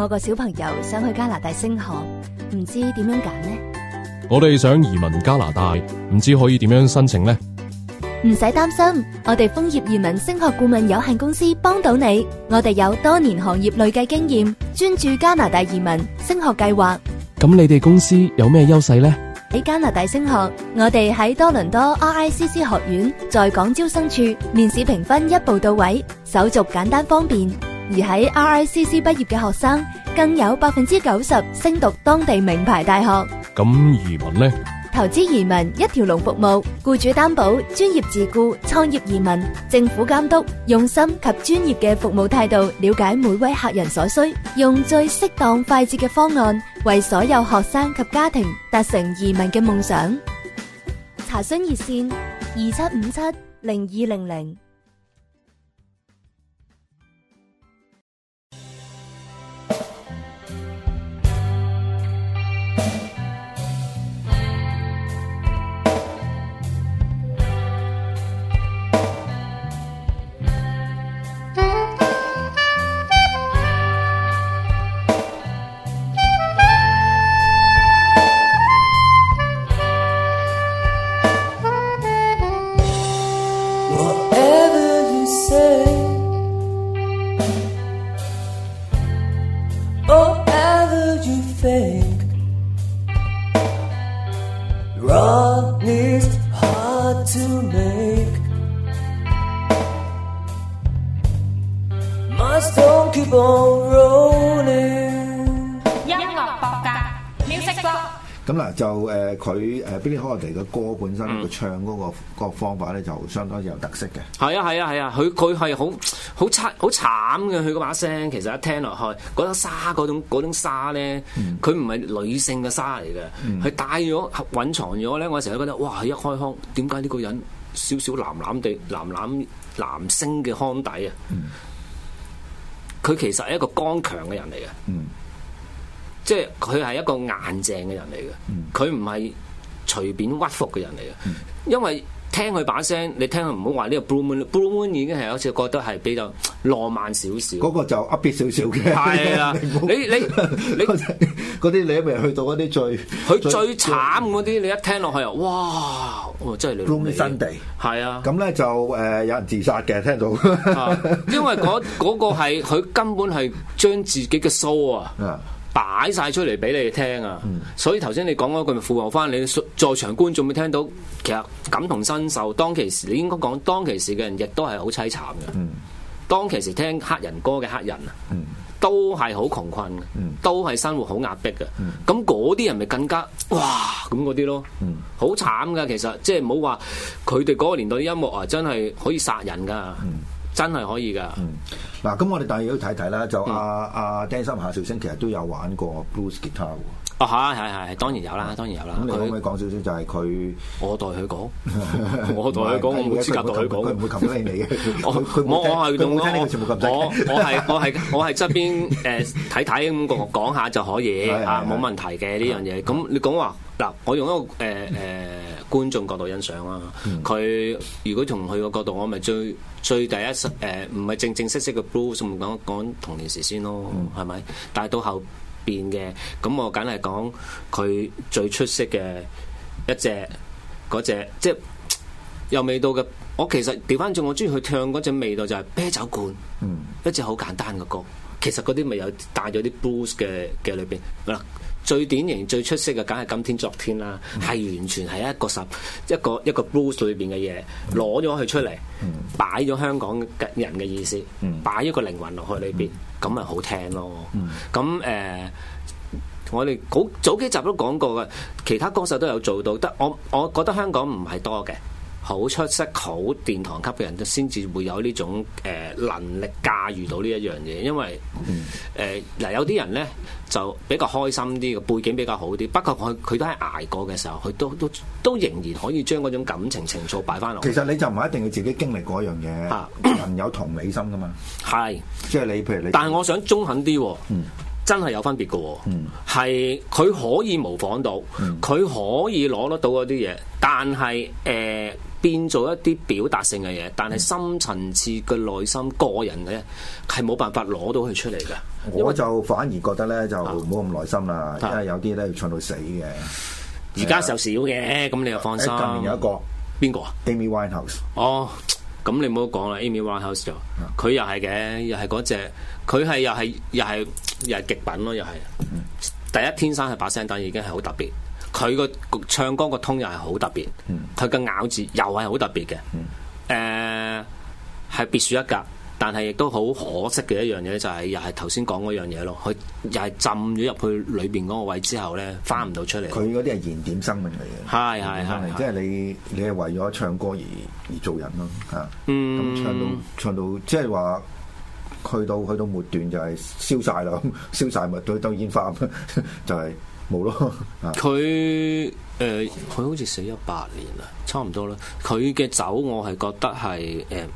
我個小朋友想去加拿大升學，唔知點樣揀呢？我哋想移民加拿大，唔知可以點樣申請呢？唔使擔心，我哋楓葉移民升學顧問有限公司幫到你。我哋有多年行業累計經驗，專注加拿大移民升學計劃。咁你哋公司有咩優勢呢？喺加拿大升學，我哋喺多倫多 RICC 學院在港招生處面試評分一步到位，手續簡單方便。而喺 RICC 畢業嘅學生，更有百分之九十升讀當地名牌大學。咁移民呢？投資移民一條龍服務，僱主擔保、專業自雇、創業移民、政府監督，用心及專業嘅服務態度，了解每位客人所需，用最適當、快捷嘅方案，為所有學生及家庭達成移民嘅夢想。查詢熱線：二七五七零二零零。音樂博格，music 咁嗱就誒，佢誒，Billie Holiday 嘅歌本身佢、mm. 唱嗰、嗰個、嗰個方法咧，就相當之有特色嘅。係啊，係啊，係啊，佢佢係好好慘好慘嘅。佢嗰把聲，其實一聽落去，嗰啲沙、嗰種種沙咧，佢唔係女性嘅沙嚟嘅，佢帶咗隱藏咗咧。我成日都覺得，哇！一開腔，點解呢個人少少藍藍地藍藍藍聲嘅腔底啊？嗯佢其實係一個剛強嘅人嚟嘅，嗯、即係佢係一個硬淨嘅人嚟嘅，佢唔係隨便屈服嘅人嚟嘅，嗯、因為，聽佢把聲，你聽佢唔好話呢個 Blue Moon，Blue Moon 已經係好似覺得係比較浪漫少少。嗰個就 upbeat 少少嘅。係啊，你你你嗰啲你未去到嗰啲最，佢最慘嗰啲，你一聽落去啊，哇，真係你。荒地。係啊。咁咧就誒，有人自殺嘅，聽到。因為嗰嗰個係佢根本係將自己嘅 show 啊。擺晒出嚟俾你哋聽啊！嗯、所以頭先你講嗰句咪呼應翻你，在場觀眾咪聽到，其實感同身受。當其時，你應該講當其時嘅人亦都係好淒慘嘅。嗯、當其時聽黑人歌嘅黑人啊，嗯、都係好窮困，嗯、都係生活好壓迫嘅。咁嗰啲人咪更加哇咁嗰啲咯，好慘噶！其實即係冇話佢哋嗰個年代啲音樂啊，真係可以殺人噶。嗯真係可以㗎。嗯，嗱，咁我哋第二都睇睇啦。就阿，阿丹心夏小星其實都有玩過 blues guitar 喎。啊，係係係，當然有啦，一當然有啦。咁你可唔可以講少少？就係佢，我代佢講，我代佢講一 ite 一一，我冇資格代佢，佢唔會氹你嘅。我我我係做，我我我係我係我係側邊睇睇咁，講下就可以嚇，冇一一問題嘅呢樣嘢。咁一、嗯、一你講話嗱，我用一個誒誒觀眾角度欣賞啊。佢如果從佢個角度，我咪最最第一誒，唔係正正式式嘅 blue，我咪講講童年時先咯，係一咪？但係到後，一一變嘅，咁、嗯、我梗係講佢最出色嘅一隻嗰隻，即係有味道嘅。我其實調翻轉，我中意佢唱嗰隻味道就係啤酒罐，嗯，一隻好簡單嘅歌。其實嗰啲咪有帶咗啲 blues 嘅嘅裏邊，嗱。嗯嗯最典型、最出色嘅梗係《今天昨天》啦，係、嗯、完全係一個十一個一個 blues 裏邊嘅嘢，攞咗佢出嚟，嗯、擺咗香港嘅人嘅意思，嗯、擺一個靈魂落去裏邊，咁咪、嗯、好聽咯。咁誒、嗯呃，我哋早早幾集都講過嘅，其他歌手都有做到，但我我覺得香港唔係多嘅。好出色、好殿堂級嘅人，都先至會有呢種誒、呃、能力，駕馭到呢一樣嘢。因為誒嗱、呃，有啲人咧就比較開心啲，背景比較好啲。不過佢佢都係捱過嘅時候，佢都都都仍然可以將嗰種感情情愫擺翻落。其實你就唔係一定要自己經歷嗰一樣嘢，人有同理心噶嘛。係，即 係你譬如你。但係我想中肯啲喎、哦。嗯真係有分別嘅喎，係佢、嗯、可以模仿到，佢、嗯、可以攞得到嗰啲嘢，但係誒、呃、變做一啲表達性嘅嘢，但係深層次嘅內心個人嘅咧係冇辦法攞到佢出嚟嘅。我就反而覺得咧就冇咁耐心啦，啊、因為有啲咧要唱到死嘅，而家、呃、就少嘅，咁你又放心。近年有一個邊個、啊、？Amy Winehouse 哦。咁你唔好講啦，Amy Winehouse 就佢又係嘅，又係嗰隻，佢係又係又係又係極品咯，又係第一天生係把聲，但已經係好特別。佢個唱歌個通又係好特別，佢嘅咬字又係好特別嘅，誒、呃、係別樹一格。但係亦都好可惜嘅一樣嘢，就係、是、又係頭先講嗰樣嘢咯。佢又係浸咗入去裏邊嗰個位之後咧，翻唔到出嚟。佢嗰啲係燃點生命嚟嘅，係係係，是是是是即係你你係為咗唱歌而而做人咯嚇。咁、嗯啊、唱到唱到，即係話去到去到末段就係燒晒啦，咁燒曬物，對對煙花咁， 就係冇咯佢誒，佢、啊呃、好似死咗八年啦，差唔多啦。佢嘅酒，我係覺得係誒。嗯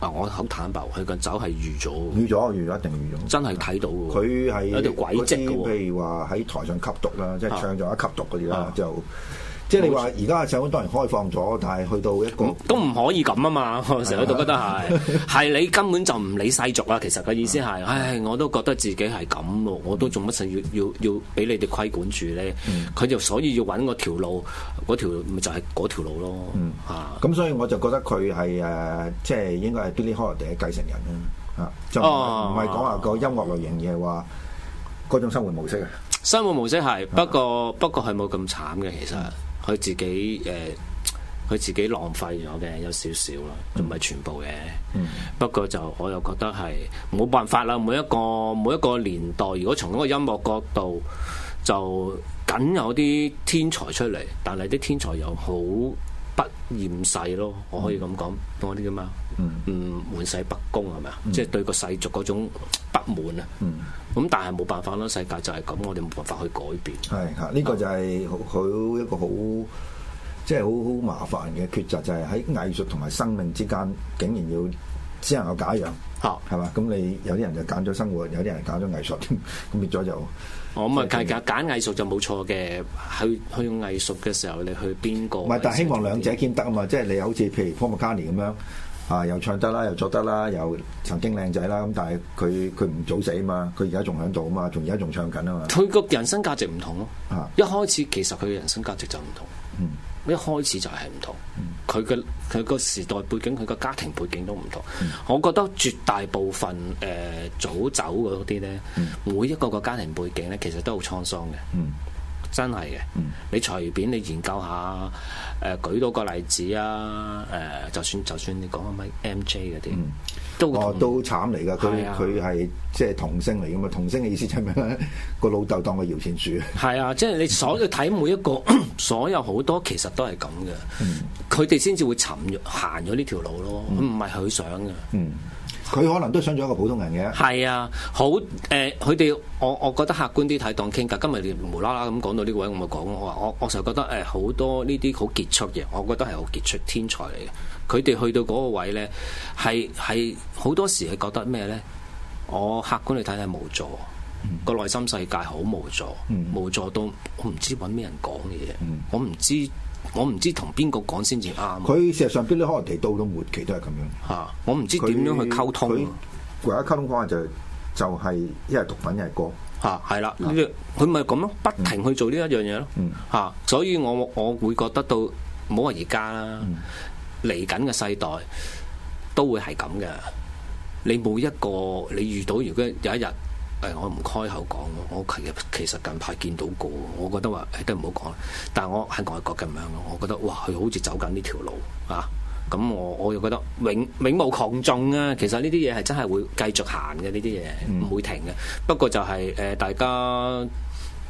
啊！我好坦白，佢個酒係預咗，預咗，預咗一定預咗。真係睇到㗎，佢係一條軌跡㗎。譬如話喺台上吸毒啦，即係、啊、唱咗一吸毒嗰啲啦，啊、就。即係你話而家社會當然開放咗，但係去到一個都唔可以咁啊嘛！成日都覺得係係 你根本就唔理世俗啦。其實個意思係， 唉，我都覺得自己係咁咯，我都做乜事要要要俾你哋規管住咧？佢就、嗯、所以要揾嗰條路，嗰條咪就係嗰條路咯。咁、嗯、所以我就覺得佢係誒，即係應該係 Billie Holiday 嘅繼承人啦。啊，就唔係講話個音樂類型嘅話，而係話嗰種生活模式啊。生活模式係，不過、嗯、不過係冇咁慘嘅，其實。佢自己誒，佢、呃、自己浪費咗嘅有少少咯，唔係全部嘅。嗯、不過就我又覺得係冇辦法啦。每一個每一個年代，如果從嗰個音樂角度，就梗有啲天才出嚟，但係啲天才又好。不厭世咯，我可以咁講，講啲叫咩啊？嗯，唔滿、嗯、世不公係咪啊？是是嗯、即係對個世俗嗰種不滿啊。嗯，咁但係冇辦法咯，世界就係咁，我哋冇辦法去改變。係啊，呢、這個就係佢是一個好，即係好好麻煩嘅抉擇，就係、是、喺藝術同埋生命之間，竟然要。只能夠揀一樣，嚇係嘛？咁你有啲人就揀咗生活，有啲人揀咗藝術，咁變咗就，我咁啊，揀揀藝術就冇錯嘅。去去用藝術嘅時候，你去邊個？唔係，但係希望兩者兼得啊嘛！即係你好似譬如 Paul McCartney 咁樣啊，又唱得啦，又作得，得，得啦，又曾經靚仔啦，咁但係佢佢唔早死啊嘛，佢而家仲喺度啊嘛，仲而家仲唱緊啊嘛，佢個人生價值唔同咯。嚇，一開始其實佢嘅人生價值就唔同，啊、嗯。一開始就係唔同，佢嘅佢個時代背景，佢個家庭背景都唔同。嗯、我覺得絕大部分誒、呃、早走嗰啲咧，嗯、每一個個家庭背景咧，其實都好滄桑嘅。嗯真係嘅，嗯、你隨便你研究下，誒、呃、舉到個例子啊，誒、呃、就算就算你講阿咩 MJ 嗰啲，都都慘嚟噶，佢佢係即係童星嚟噶嘛，童星嘅意思就係咩？個老豆當個搖錢樹。係啊，即、就、係、是、你所有睇、嗯、每一個， 所有好多其實都係咁嘅，佢哋先至會沉行咗呢條路咯，唔係佢想嘅。嗯佢可能都想做一個普通人嘅。係啊，好誒，佢、呃、哋我我覺得客觀啲睇當傾偈。今日你無啦啦咁講到呢個位，我咪講我話我我成日覺得誒好、呃、多呢啲好傑出嘅，我覺得係好傑出天才嚟嘅。佢哋去到嗰個位咧，係係好多時係覺得咩咧？我客觀去睇係無助，個、嗯、內心世界好無助，嗯、無助到我唔知揾咩人講嘢，嗯、我唔知。我唔知同邊個講先至啱。佢事實上邊啲可能提到到末期都係咁樣。吓、啊，我唔知點它樣去溝通。唯、就是就是、一溝通方法就係就係一係毒品，一係歌。吓、啊，係啦，佢咪咁咯，不停去做呢一樣嘢咯。吓、嗯啊，所以我我會覺得到，唔好話而家啦，嚟緊嘅世代都會係咁嘅。你每一個你遇到，如果有一日。誒，我唔開口講。我其實其實近排見到過，我覺得話誒都唔好講啦。但係我喺外國咁樣咯，我覺得哇，佢好似走緊呢條路啊。咁我我又覺得永永無窮盡啊。其實呢啲嘢係真係會繼續行嘅，呢啲嘢唔會停嘅。不過就係、是、誒、呃，大家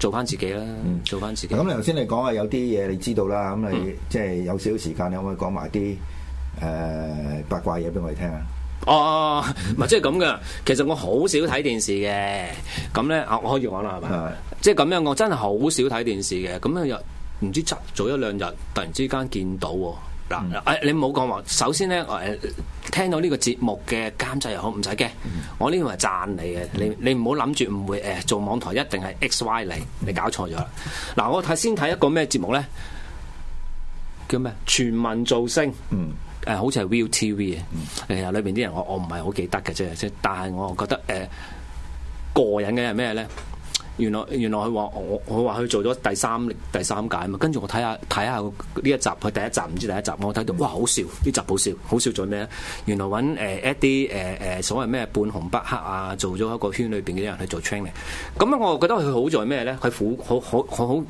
做翻自己啦，嗯、做翻自己。咁你頭先你講啊，有啲嘢你知道啦。咁你即係、嗯、有少少時間，你可唔可以講埋啲誒八卦嘢俾我哋聽啊？哦，唔係即係咁嘅。其實我好少睇電視嘅。咁咧，啊我，我可以講啦，係咪？即係咁樣，我真係好少睇電視嘅。咁咧又唔知執早一兩日，突然之間見到嗱、哦。誒、嗯哎，你唔好講話。首先咧，誒、哎、聽到呢個節目嘅監製又好，唔使驚。嗯、我呢個係讚你嘅。你你唔好諗住唔會誒做網台一定係 X Y 嚟，你搞錯咗啦。嗱，我睇先睇一個咩節目咧？叫咩？全民造星。嗯。誒、呃、好似係 ViuTV 嘅、呃，誒裏邊啲人我我唔係好記得嘅啫，啫但係我覺得誒、呃、過癮嘅係咩咧？原來原來佢話我我我話佢做咗第三第三屆啊嘛，跟住我睇下睇下呢一集佢第一集唔知第一集，我睇到哇好笑，呢集好笑，好笑做咩？原來揾一啲誒誒所謂咩半紅不黑啊，做咗一個圈裏邊嘅人去做 training，咁、嗯、我覺得佢好在咩咧？佢好好好好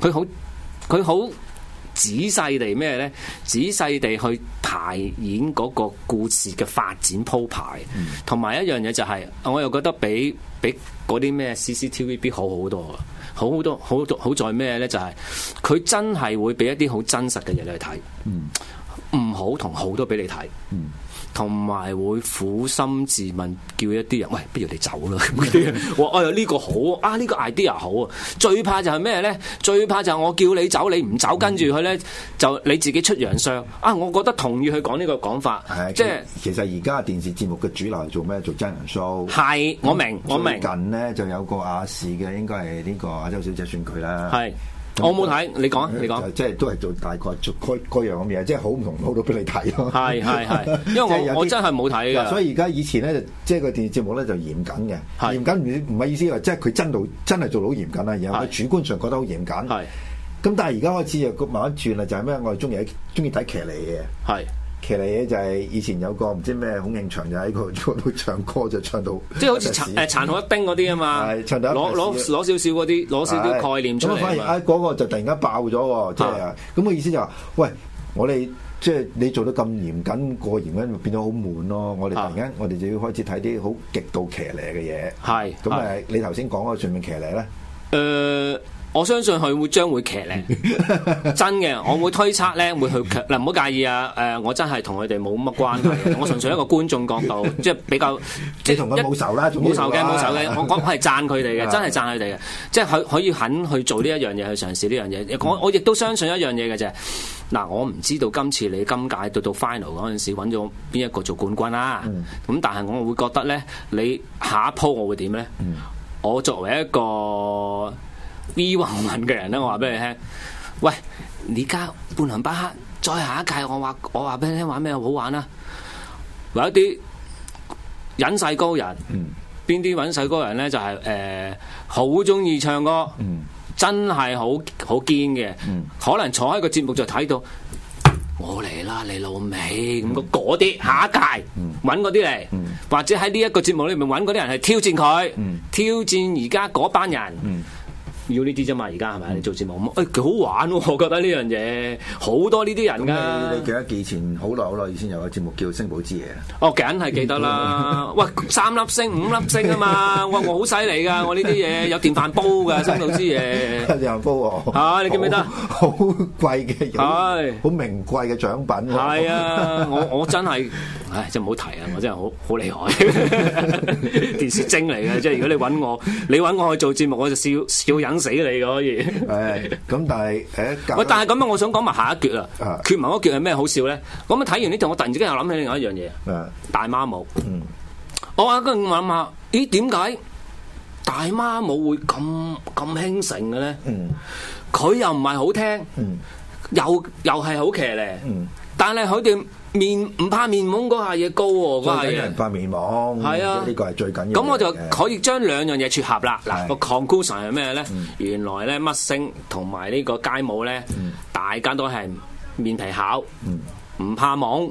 佢好佢好。好好仔細地咩咧？仔細地去排演嗰個故事嘅發展鋪排，同埋、嗯、一樣嘢就係、是，我又覺得比比嗰啲咩 CCTV B 好好多，好好多，好在好在咩咧？就係、是、佢真係會俾一啲好真實嘅嘢、嗯、你去睇，唔好同好多俾你睇。嗯同埋會苦心自問，叫一啲人喂，不如你走啦！我哎呀呢個好啊，呢個 idea 好啊！最怕就係咩咧？最怕就係我叫你走，你唔走跟住佢咧，就你自己出洋相啊！我覺得同意佢講呢個講法，即係其實而家電視節目嘅主流係做咩？做真人 show 係，我明我明近呢就有個亞視嘅，應該係呢個亞洲小姐選佢啦。係。我冇睇，你講你講，即係都係做大概做各各樣咁嘅嘢，即係好唔同好到俾你睇咯。係係係，因為我我真係冇睇㗎。所以而家以前咧，即係個電視節目咧就嚴謹嘅，嚴謹唔唔係意思話即係佢真度真係做到好嚴謹啊，然後佢主觀上覺得好嚴謹。係的。咁但係而家開始又慢慢轉啦，就係咩？我係中意睇中意睇騎呢嘅。係。騎呢嘢就係以前有個唔知咩孔慶翔就喺嗰度唱歌，就唱到即係好似殘誒殘酷一叮嗰啲啊嘛， 攞攞攞少少嗰啲，攞少少概念出嚟。咁啊，嗰個就突然間爆咗，即係咁嘅意思就話，是，喂，我哋即係你做得咁嚴謹，過嚴謹，變到好悶咯。我哋突然間，我哋就要開始睇啲好極度騎是的 呢嘅嘢。係咁啊，你頭先講嗰個全命騎呢咧？誒。我相信佢會將會騎咧，真嘅，我會推測咧會去騎。嗱、呃，唔好介意啊，誒、呃，我真係同佢哋冇乜關係， 我純粹一個觀眾角度，即、就、係、是、比較即同佢冇仇啦，冇仇嘅，冇仇嘅。 我我係讚佢哋嘅，真係讚佢哋嘅。即係可可以肯去做呢一樣嘢去嘗試呢樣嘢。我我亦都相信一樣嘢嘅啫。嗱，我唔知道今次你今屆到到 final 嗰陣時搵咗邊一個做冠軍啦、啊。咁、嗯、但係我會覺得咧，你下一鋪我會點咧？嗯、我作為一個。V 運運嘅人咧，我話俾你聽，喂，你家半紅不黑，再下一屆，我話我話俾你聽，玩咩好玩啦、啊？搵一啲隱世高人，邊啲隱世高人咧？就係、是、誒、呃，好中意唱歌，嗯、真係好好堅嘅，嗯、可能坐喺個節目就睇到我嚟啦，你老味。嗯」咁嗰啲，下一屆搵嗰啲嚟，嗯、或者喺呢一個節目裏面搵嗰啲人係挑戰佢，嗯、挑戰而家嗰班人。嗯嗯要呢啲啫嘛，而家係咪？你做節目咁，誒、哎、佢好玩喎、哦，我覺得呢樣嘢好多呢啲人噶。你記得幾前好耐好耐以前很久很久有個節目叫《星寶之夜》。哦，梗係記得啦！ 喂，三粒星五粒星啊嘛！哇，我好犀利㗎，我呢啲嘢有電飯煲㗎《 星寶之夜」，「電飯煲喎！你記唔記得好？好貴嘅嘢！係、哎、好名貴嘅獎品，啊。係 啊，我我，我真係。唉，真係唔好提啊！我真係好好厲害， 電視精嚟嘅。即係如果你揾我，你揾我去做節目，我就笑笑忍死你可以。咁、 哎嗯，但係、欸、但係咁、嗯、啊，我想講埋下一橛啦。啊，缺埋一橛係咩好笑咧？咁啊，睇完呢度，我突然之間又諗起另外一樣嘢。啊、大媽舞。嗯，我啊跟住諗下，咦，點解大媽舞會咁咁興盛嘅咧？佢、嗯、又唔係好聽。嗯、又又係好騎呢。但係佢哋。面唔怕面懵嗰下嘢高喎，嗰下嘢。人怕面懵，係啊，呢個係最緊要嘅。咁我就可以將兩樣嘢撮合啦。嗱，conclusion 係咩咧？原來咧，乜星同埋呢個街舞咧，大家都係面皮厚，唔怕懵。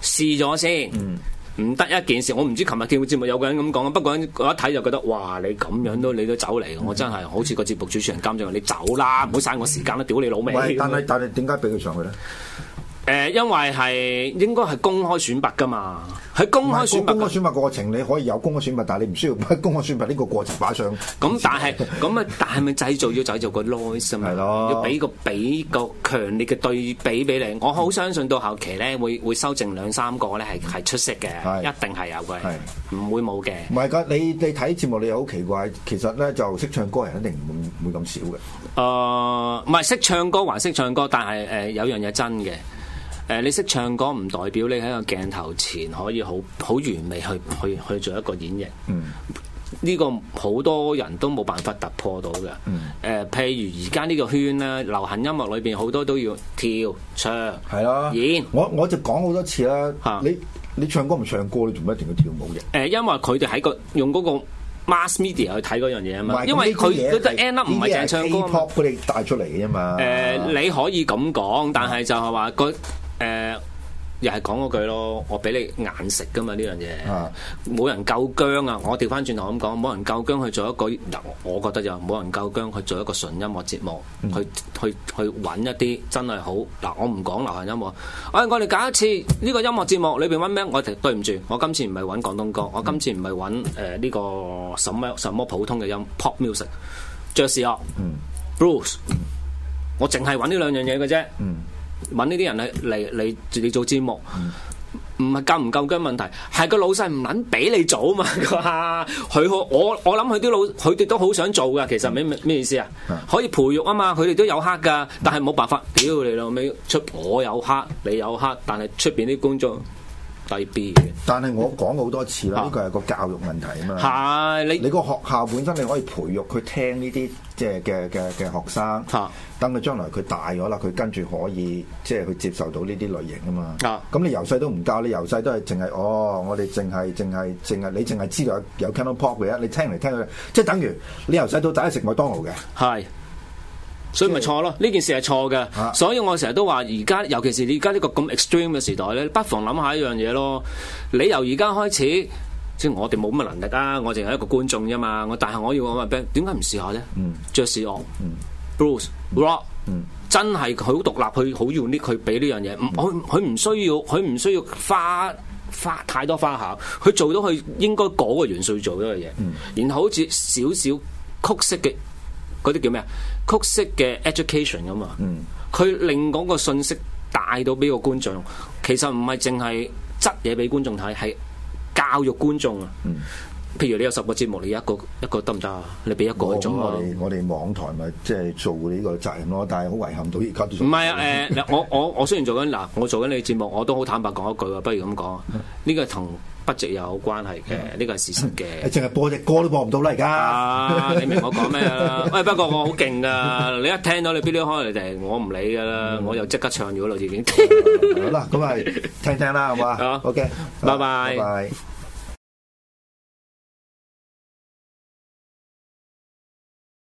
試咗先，唔得一件事。我唔知琴日見嘅節目有個人咁講，不過我一睇就覺得，哇！你咁樣都你都走嚟，我真係好似個節目主持人監製話：你走啦，唔好嘥我時間啦，屌你老味！但係但係點解俾佢上去咧？誒，因為係應該係公開選拔噶嘛，喺是公，公開選拔過程，你可以有公開選拔，但係你唔需要公開選拔呢個過程把上。咁但係咁啊，但係咪製造要製造個 noise 啊？係咯的，要俾個比較強烈嘅對比俾你。我好相信到後期咧，會會收剩兩三個咧，係係出色嘅，是一定係有嘅，唔是會冇嘅。唔係噶，你你睇節目你又好奇怪，其實咧就識唱歌人一定唔會唔會咁少嘅。誒、呃，唔係識唱歌還識唱歌，但係誒、呃、有樣嘢真嘅。誒，你識唱歌唔代表你喺個鏡頭前可以好好完美去去去做一個演繹。嗯、呢個好多人都冇辦法突破到嘅。誒、嗯呃，譬如而家呢個圈啦，流行音樂裏邊好多都要跳唱演，係咯。係啊，我我就講好多次啦。吓，你你唱歌唔唱歌，你做乜一定要跳舞嘅？誒、嗯，因為佢哋喺個用嗰個 mass media 去睇嗰樣嘢啊嘛。唔係咁嘅嘢。唔係淨係唱歌，佢哋帶出嚟嘅啫嘛。誒、嗯，你可以咁講，但係就係話誒、呃，又係講嗰句咯，我俾你眼食噶嘛呢樣嘢，冇、啊、人夠姜啊！我調翻轉頭咁講，冇人夠姜去做一個，我、呃、我覺得又冇人夠姜去做一個純音樂節目，嗯、去去去揾一啲真係好嗱，我唔講流行音樂、哎，我我哋搞一次呢、這個音樂節目裏邊揾咩？我哋對唔住，我今次唔係揾廣東歌，嗯、我今次唔係揾誒呢個什麼什麼普通嘅音 pop music 爵士樂，blues 我淨係揾呢兩樣嘢嘅啫，嗯問呢啲人嚟嚟嚟，自己做節目，唔係夠唔夠薑問題，係個老細唔肯俾你做啊嘛，佢好我我諗佢啲老佢哋都好想做噶。其實咩咩意思啊？可以培育啊嘛，佢哋都有黑噶，但係冇辦法，屌你老味，出我有黑，你有黑，但係出面啲工作。低 B，但係我講過好多次啦，呢個係個教育問題啊嘛。係的你你個學校本身你可以培育佢聽呢啲即係嘅嘅嘅學生，吓，等佢將來佢大咗啦，佢跟住可以即係佢接受到呢啲類型啊嘛。啊的，咁你由細都唔教，你由細都係淨係哦，我哋淨係淨係淨係你淨係知道有 Cantopop 嘅，你聽嚟聽去，即係等於你由細到大係食麥當勞嘅，係。所以咪錯咯，呢件事係錯嘅。啊、所以我成日都話，而家尤其是你而家呢個咁 extreme 嘅時代咧，不妨諗下一樣嘢咯。你由而家開始，即係我哋冇乜能力啊，我淨係一個觀眾啫嘛。我但係我要咁嘅兵，點解唔試下咧？爵士樂、布魯斯、Blues, rock，、嗯、真係好獨立，好 unique，好 unique，去俾呢樣嘢。佢佢唔需要，佢唔需要花花太多花巧，佢做到佢應該嗰個元素做呢個嘢。然後好似少少曲式嘅嗰啲叫咩啊？曲式嘅 education 咁啊，佢、嗯、令嗰個信息帶到俾個觀眾，其實唔係淨係執嘢俾觀眾睇，係教育觀眾啊。嗯譬如你有十個節目，你一個一個得唔得啊？你俾一個去做，我哋我哋網台咪即係做呢個責任咯，但係好遺憾到而家都唔係啊！誒，我我我雖然做緊嗱，我做緊你個節目，我都好坦白講一句，不如咁講，呢個同 budget 有關係嘅，呢個係事實嘅。淨係播隻歌都播唔到啦，而家你明我講咩啦？喂，不過我好勁噶，你一聽到你邊啲開嚟就係我唔理噶啦，我又即刻唱咗嗰條字典。好啦，咁係聽聽啦，係嘛？好嘅，拜拜。